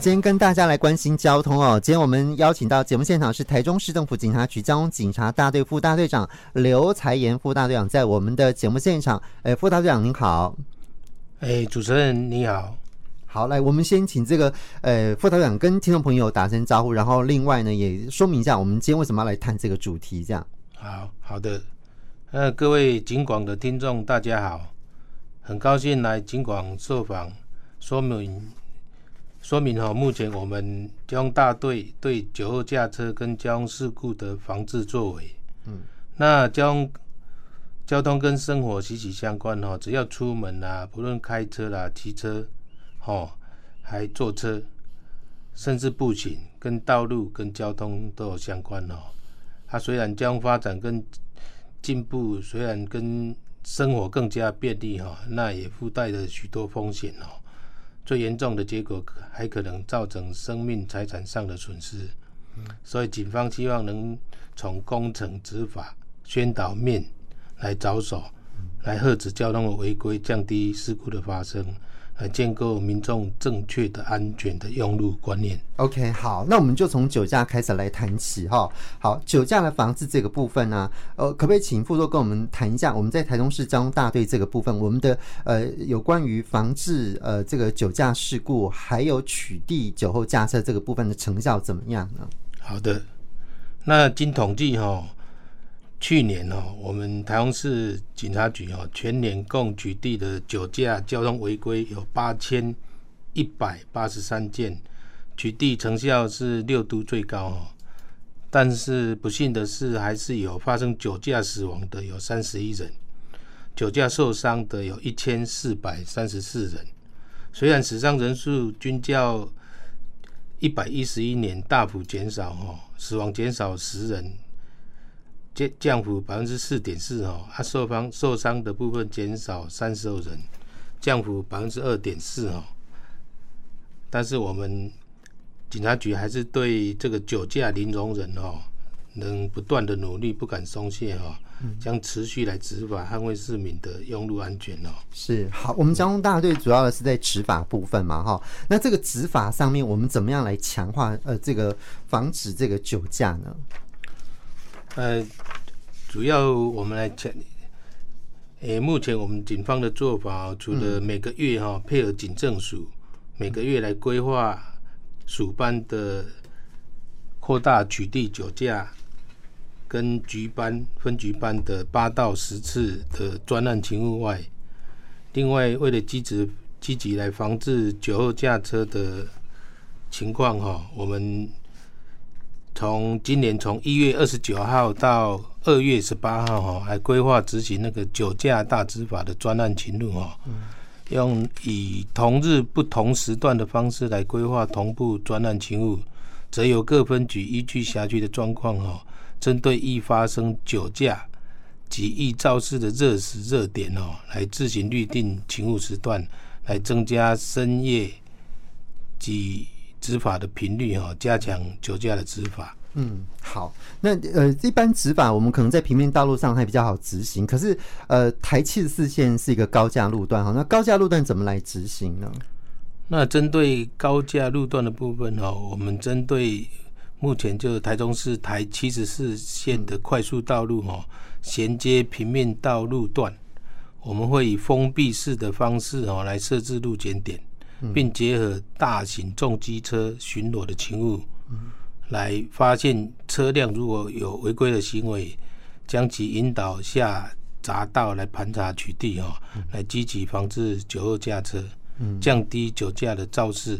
今天跟大家來關心交通哦。今天我們邀請到節目現場是台中市政府警察局交通警察大隊副大隊長劉財炎副大隊長在我們的節目現場。呃、副大隊長您好。哎、欸、主持人您好。好，來，我們先請這個、呃、副大隊長跟聽眾朋友打聲招呼，然後另外呢也說明一下我們今天為什麼要來談這個主題，這樣。好，好的。呃，各位警廣的聽眾大家好，很高興來警廣受訪，說明。說明哈、哦，目前我們交通大隊對酒後駕車跟交通事故的防制作為，嗯，那交通交通跟生活息息相關哦，只要出門啦、啊，不論開車啦、啊、騎車，哈、哦，還坐車，甚至步行，跟道路跟交通都有相關哦。它、啊、雖然交通發展跟進步，雖然跟生活更加便利哈、哦，那也附帶着許多風險哦。最嚴重的結果還可能造成生命財產上的損失，所以警方希望能從工程執法、宣導面來着手，來遏止交通的違規，降低事故的發生。來建構民眾正確的、安全的用路觀念。OK，好，那我們就從酒駕開始來談起哈。好，酒駕的防治這個部分呢，呃，可不可以請副座跟我們談一下？我們在台中市交通大隊這個部分，我們的呃有關於防治呃這個酒駕事故，還有取締酒後駕車這個部分的成效怎麼樣呢？好的，那經統計哈、哦。去年哦，我們台中市警察局哦，全年共取締的酒駕交通違規有八千一百八十三件，取締成效是六都最高哦。但是不幸的是，還是有發生酒駕死亡的有三十一人，酒駕受傷的有一千四百三十四人。雖然死傷人數均較一百一十一年大幅減少哦，死亡減少十人。降降幅百分之四點四哦，他受傷受傷的部分減少三十二人，降幅百分之二點四哦。但是我們警察局，還是對這個酒駕零容忍哦，能不斷的努力，不敢鬆懈哦，將持續來執法，捍衛市民的用路安全哦。嗯、是好，我們交通大隊主要的是在執法部分嘛哈。那這個執法上面，我們怎麼樣來強化呃這個防止這個酒駕呢？呃，主要我們來前誒、欸，目前我們警方的做法，除了每個月哈配合警政署每個月來規劃署班的擴大取締酒駕，跟局班分局班的八到十次的專案勤務外，另外為了積極積極來防治酒後駕車的情況哈，我們。從今年從一月二十九號到二月十八號，哦，哈，來規劃執行那個酒駕大執法的專案勤務，哦，哈，用以同日不同時段的方式來規劃同步專案勤務，則由各分局依據轄區的狀況，哦，哈，針對易發生酒駕及易肇事的熱時熱點，哦，來自行預定勤務時段，來增加深夜及。執法的頻率哈、哦，加強酒駕的執法。嗯，好，那呃，一般執法我們可能在平面道路上還比較好執行，可是呃，台七十四線是一個高架路段哈，那高架路段怎麼來執行呢？那針對高架路段的部分呢、哦，我們針對目前就是台中市台七十四線的快速道路哈、哦，銜接平面道路段，我們會以封閉式的方式哦來設置路檢點。並結合大型重機車巡邏的勤務，來發現車輛如果有違規的行為，將其引導下匝道來盤查取締，哦，來積極防止酒後駕車，降低酒駕的肇事。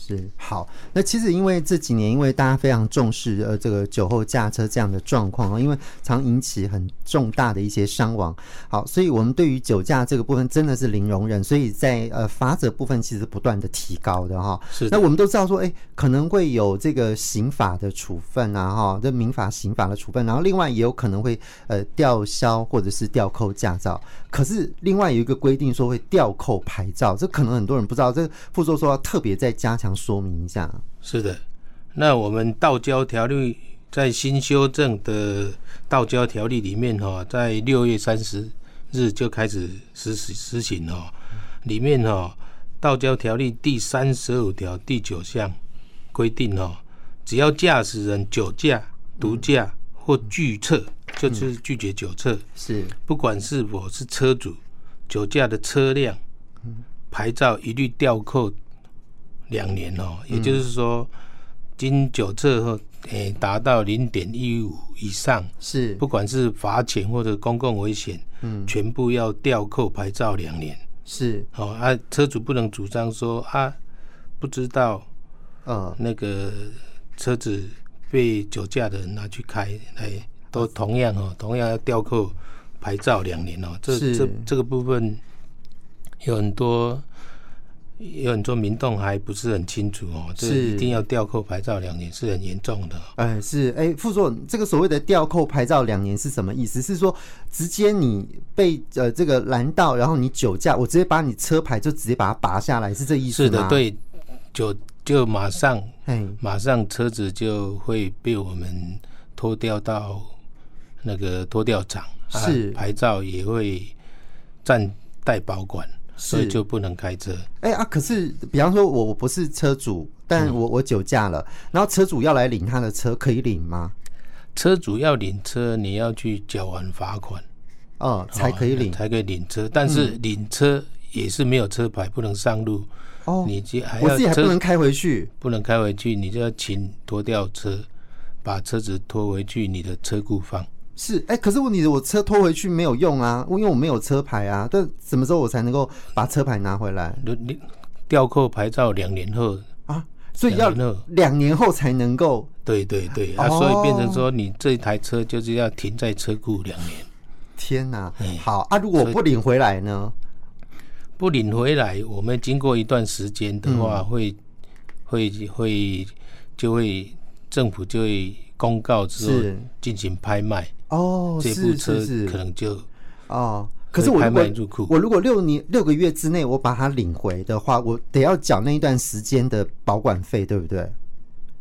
是好，那其實因為這幾年，因為大家非常重視呃這個酒後駕車這樣的狀況啊，因為常引起很重大的一些傷亡。好，所以我們對於酒駕這個部分真的是零容忍，所以在呃罰則部分其實不斷的提高的哈。是的，那我們都知道說，哎，可能會有這個刑法的處分啊，哈，這民法、刑法的處分，然後另外也有可能會呃吊銷或者是吊扣駕照。可是，另外有一個規定說會吊扣牌照，這可能很多人不知道，這副座說要特別再加強說明一下。是的，那我們道交條例在新修正的道交條例裡面哈、哦，在六月三十日就開始實施實行哦。裡面哈、哦，道交條例第三十五條第九項規定哦，只要駕駛人酒駕、毒駕或拒測，就是拒絕酒測、嗯，是不管是否是車主酒駕的車輛，牌照一律吊扣兩年哦、喔。也就是說，經酒測後，誒達到零點一五以上，是不管是罰錢或者公共危險，嗯，全部要吊扣牌照兩年。是哦、喔，啊，車主不能主張說啊，不知道，嗯，那個車子被酒駕的人拿去開來。都同樣哦，同樣要吊扣牌照兩年哦，這是這這個部分有很多有很多民眾還不是很清楚哦，是一定要吊扣牌照兩年是很嚴重的。哎，是哎，副座，這個所謂的吊扣牌照兩年是什麼意思？是說直接你被呃這個攔到，然後你酒駕，我直接把你車牌就直接把它拔下來，是這意思嗎？是的，對，就就馬上，哎，馬上車子就會被我們拖吊到。那個拖吊場，啊，是牌照也會暫代保管，是所以就不能開車。哎，欸，啊，可是比方說，我我不是車主，但我，嗯，我酒駕了，然後車主要來領他的車，可以領嗎？車主要領車，你要去繳完罰款哦，嗯，才可以領，哦，才可以領車。但是領車也是沒有車牌，不能上路。哦，嗯，你這我自己還不能開回去，不能開回去，你就要請拖吊車把車子拖回去你的車庫放是哎，可是問題是我車拖回去沒有用啊，因為我沒有車牌啊。但什麼時候我才能夠把車牌拿回來？你你吊扣牌照兩年後啊，所以要兩年後才能夠。嗯、對對對啊、哦，所以變成說你這台車就是要停在車庫兩年。天哪，好啊！如果不領回來呢？不領回來，我們經過一段時間的話，嗯、會會會就會政府就會。公告之後進行拍賣是哦，這部車子可能就哦。可是，我拍賣入庫，我如果六年六個月之內我把它領回的話，我得要繳那一段時間的保管費，對不對？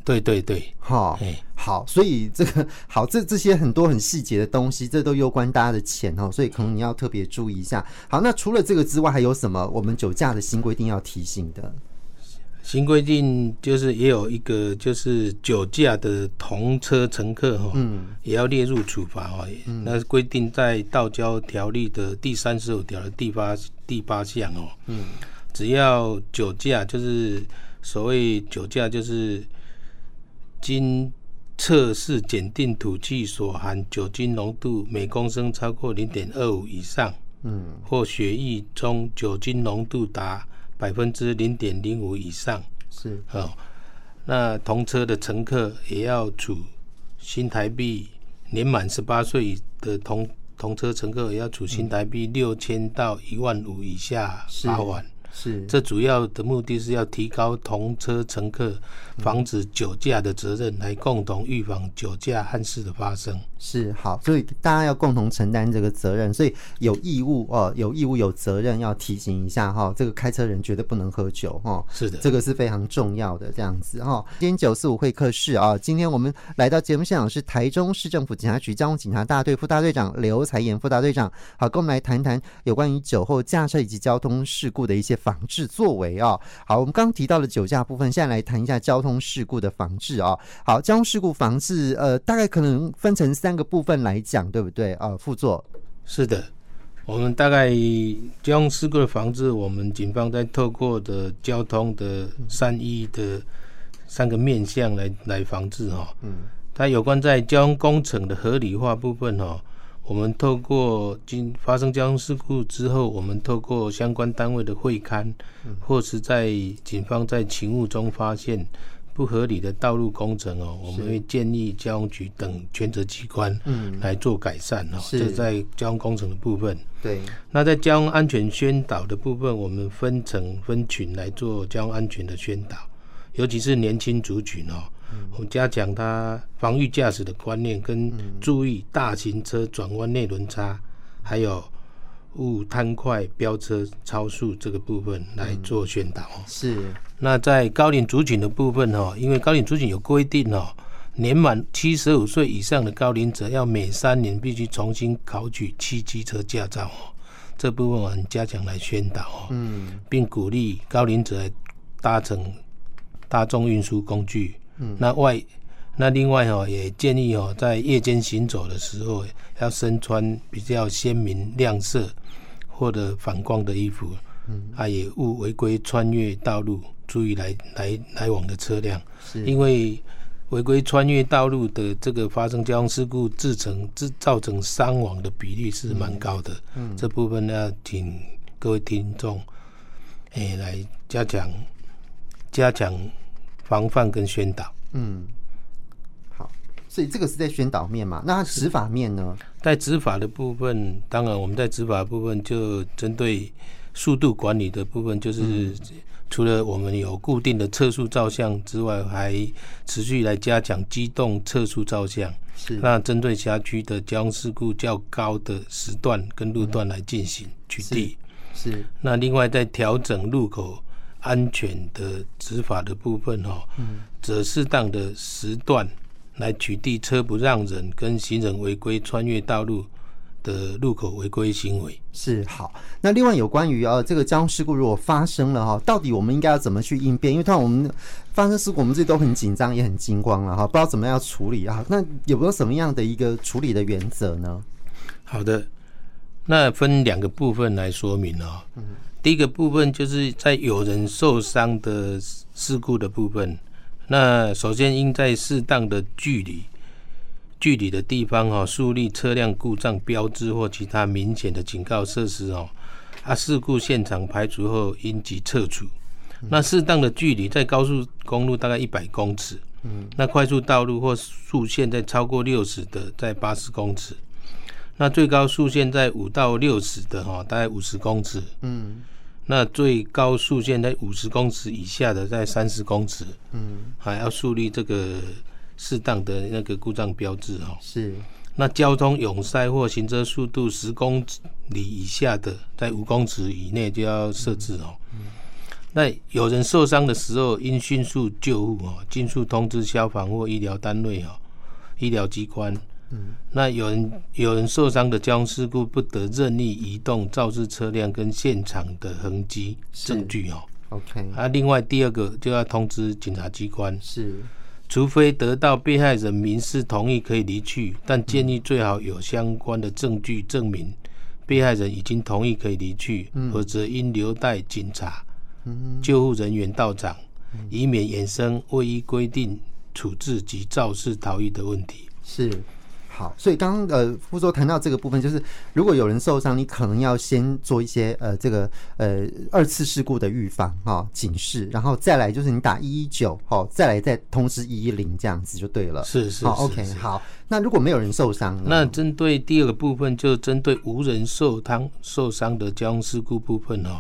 對對對，好。哦、欸、好，所以這個好，這這些很多很細節的東西，這都攸關大家的錢哦，所以可能你要特別注意一下。好，那除了這個之外，還有什麼我們酒駕的新規定要提醒的？新規定就是也有一個，就是酒駕的同車乘客哈，也要列入處罰哦。嗯，那是規定在《道交條例》的第三十五條的第八第八項哦，嗯，只要酒駕，就是所謂酒駕，就是經測試檢定吐氣所含酒精濃度每公升超過零點二五以上，嗯，或血液中酒精濃度達。百分之零點零五以上是哦。那同車的乘客也要處新台幣，年滿十八歲的同同車乘客也要處新台幣六千到一萬五以下罰款。是是，這主要的目的是要提高同車乘客防止酒駕的責任，來共同預防酒駕憾事的發生。是，好，所以大家要共同承擔這個責任，所以有義務哦，有義務有責任要提醒一下哈、哦，這個開車人絕對不能喝酒哦。是的，這個是非常重要的，這樣子哈、哦。今天九四五會客室啊，今天我們來到節目現場是台中市政府警察局交通警察大隊，大隊副大隊長劉財炎副大隊長。好，跟我們來談談有關於酒後駕車以及交通事故的一些。防制作為啊、哦，好，我們剛剛提到的酒駕部分，現在來談一下交通事故的防制啊。好，交通事故防制，呃，大概可能分成三個部分來講，對不對啊、呃？副座。是的，我們大概交通事故的防制，我們警方在透過的交通的三一的三個面向來、嗯、來防制哈。嗯，它有關在交通工程的合理化部分哈、哦。我們透過經發生交通事故之後，我們透過相關單位的會勘或是在警方在勤務中發現不合理的道路工程哦，我們會建議交通局等權責機關來做改善哦。這、就是、在交通工程的部分。對。那在交通安全宣導的部分，我們分成分群來做交通安全的宣導，尤其是年輕族群哦。我們加強他防御駕駛的觀念，跟注意大型車轉彎內輪差，還有勿貪快飆車超速這個部分來做宣導哦。是，那在高齡族群的部分哦、喔，因為高齡族群有規定哦、喔，年滿七十五歲以上的高齡者要每三年必須重新考取汽機車駕照哦、喔。這部分我們加強來宣導哦、喔，並鼓勵高齡者搭乘大眾運輸工具。嗯、那外，那另外哦，也建議哦，在夜間行走的時候，要身穿比較鮮明亮色或者反光的衣服。嗯，啊，也勿違規穿越道路，注意來來來往的車輛。是因為違規穿越道路的這個發生交通事故，造成造成傷亡的比例是蠻高的。嗯，這部分呢，請各位聽眾，哎、欸，來加強加強。防範跟宣導，嗯，好，所以這個是在宣導面嘛？那執法面呢？在執法的部分，當然我們在執法部分就針對速度管理的部分，就是、嗯、除了我們有固定的測速照相之外，還持續來加強機動測速照相。是，那針對轄區的交通事故較高的時段跟路段來進行取締、嗯。是，是，那另外在調整路口。安全的執法的部分、哦，哈，嗯，則適當的時段來取締車不讓人跟行人違規穿越道路的路口違規行為。是，好。那另外有關於啊、哦，這個交通事故如果發生了哈，到底我們應該要怎麼去應變？因為通常我們發生事故，我們自己都很緊張，也很驚慌了哈，不知道怎麼樣處理啊。那有沒有什麼樣的一個處理的原則呢？好的，那分兩個部分來說明啊、哦。嗯。第一個部分就是在有人受傷的事故的部分，那首先應在適當的距離、距離的地方哦，樹立車輛故障標誌或其他明顯的警告設施哦。啊，事故現場排除後，應急撤除。嗯、那適當的距離在高速公路大概一百公尺，嗯，那快速道路或速限在超過六十的，在八十公尺。那最高速限在五到六十的哈、哦，大概五十公尺。嗯，那最高速限在五十公尺以下的，在三十公尺。嗯，還要樹立這個適當的那個故障標誌哈、哦。是。那交通湧塞或行車速度十公里以下的，在五公尺以內就要設置哦。嗯。嗯，那有人受傷的時候，應迅速救護哦，迅速通知消防或醫療單位哦，醫療機關。嗯，那有人有人受傷的交通事故，不得任意移動肇事車輛跟現場的痕跡證據哦、喔。OK。那、啊、另外第二個就要通知警察機關，是，除非得到被害人明示同意可以離去，但建議最好有相關的證據證明被害人已經同意可以離去，否則應留待警察、嗯、救護人員到場，以免衍生未依規定處置及肇事逃逸的問題。是。好，所以剛剛呃，傅叔談到這個部分，就是如果有人受傷，你可能要先做一些呃，這個呃，二次事故的預防哈、哦、警示，然後再來就是你打一一九，哦，再來再通知一一零，這樣子就對了。是是，是，是，OK 是是是。好，那如果沒有人受傷，那針對第二個部分，就針對無人受傷受傷的交通事故部分哦。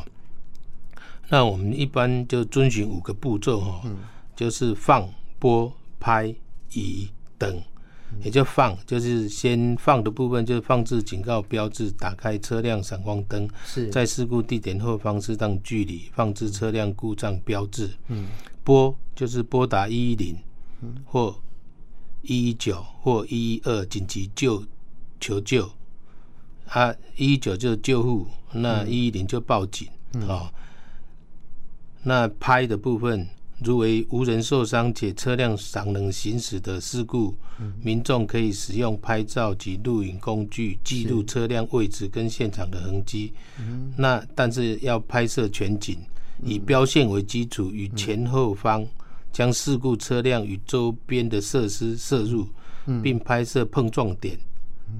那我們一般就遵循五個步驟哈、哦，嗯、就是放、撥、拍、移、等。也就放，就是先放的部分，就是放置警告標誌，打開車輛閃光燈，是在事故地點後方適當距離放置車輛故障標誌。嗯，撥就是撥打一一零或一一九或一一二緊急救求救。啊，一一九就是救護，那一一零就報警。好、嗯，哦，那拍的部分。如為無人受傷且車輛尚能行駛的事故，民眾可以使用拍照及錄影工具記錄車輛位置跟現場的痕跡。那但是要拍攝全景，以標線為基礎，與前後方將事故車輛與周邊的設施攝入，并拍攝碰撞點、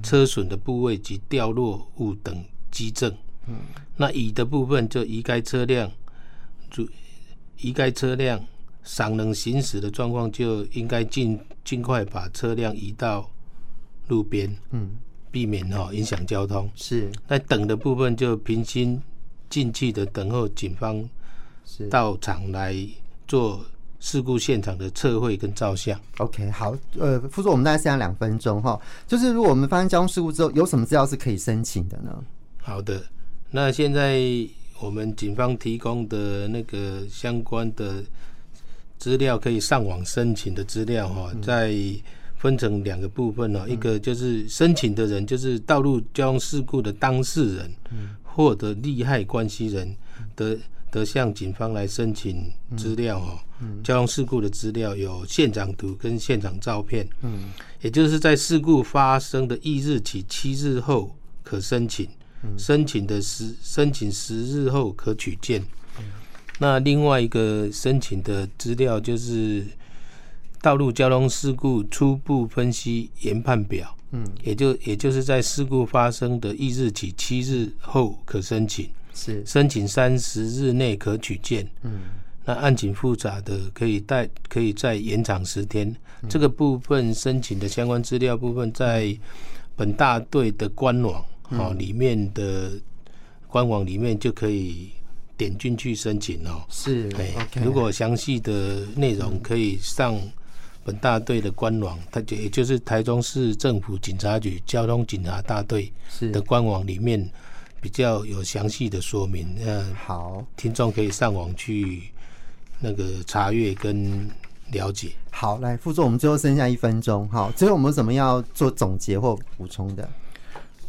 車損的部位及掉落物等，跡證。那乙的部分就移開車輛，移開車輛、尚能行駛的狀況，就應該儘盡快把車輛移到路邊，嗯，避免哦影響交通。是，在等的部分就平心靜氣的等候警方到場來做事故現場的測繪跟照相。OK，好，呃，副座，我們大概剩下兩分鐘哈，就是如果我們發生交通事故之後，有什麼資料是可以申請的呢？好的，那現在。我們警方提供的那個相關的資料可以上網申請的資料哈，再分成兩個部分哦，一個就是申請的人，就是道路交通事故的當事人，或者利害關係人得得向警方來申請資料哈，交通事故的資料有現場圖跟現場照片，也就是在事故發生的翌日起七日後可申請。申請的十申請十日後可取件。那另外一個申請的資料就是道路交通事故初步分析研判表。嗯，也就也就是在事故發生的一日起七日後可申請。是，申請三十日內可取件。嗯，那案情複雜的可以帶可以再延長十天。這個部分申請的相關資料部分在本大隊的官網。哦，裡面的官網裡面就可以點進去申請哦、喔。是，欸、Okay. 如果詳細的內容可以上本大隊的官網，它就也就是台中市政府警察局交通警察大隊的官網裡面比較有詳細的說明。嗯是，呃、好，聽眾可以上網去那個查閱跟了解。好，來，副座，我們最後剩下一分鐘，好，最後我們有什麼要做總結或補充的？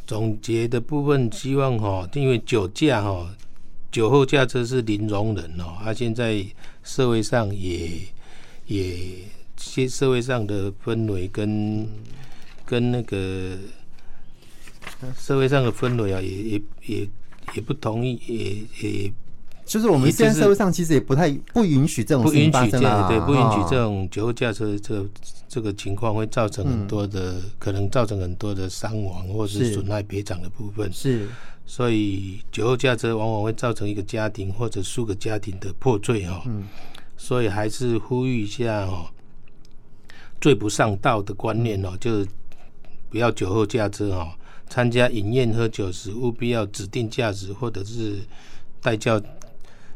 總結的部分，希望哈，因為酒駕哈，酒後駕車是零容忍哦。他現在社會上也也，社社會上的氛圍跟跟那個社會上的氛圍啊，也也也也不同意，也也。就是我們就是現在社會上其實也不太不允許這種事情發生了，啊，對，不允許這種酒後駕車這個這個情況會造成很多的、嗯、可能造成很多的傷亡或是損害別長的部分，是。所以酒後駕車往往會造成一個家庭或者數個家庭的破碎，哦，哈。嗯、所以還是呼籲一下哦，醉不上道的觀念哦，就不要酒後駕車哈、哦。參加飲宴喝酒時務必要指定駕駛或者是代駕。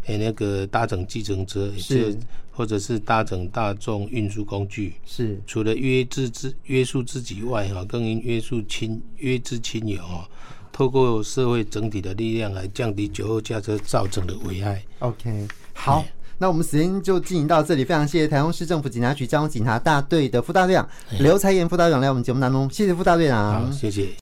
誒、欸，那個搭乘計程車也是，是或者是搭乘大眾運輸工具，是除了約制自約束自己外，啊，哈，更應約束親約制親友，啊，哦，透過社會整體的力量來降低酒後駕車造成的危害。OK，好，欸，那我們時間就進行到這裡，非常謝謝台中市政府警察局交通警察大隊的副大隊長劉財炎副大隊長來我們節目當中，謝謝副大隊長，好，謝謝。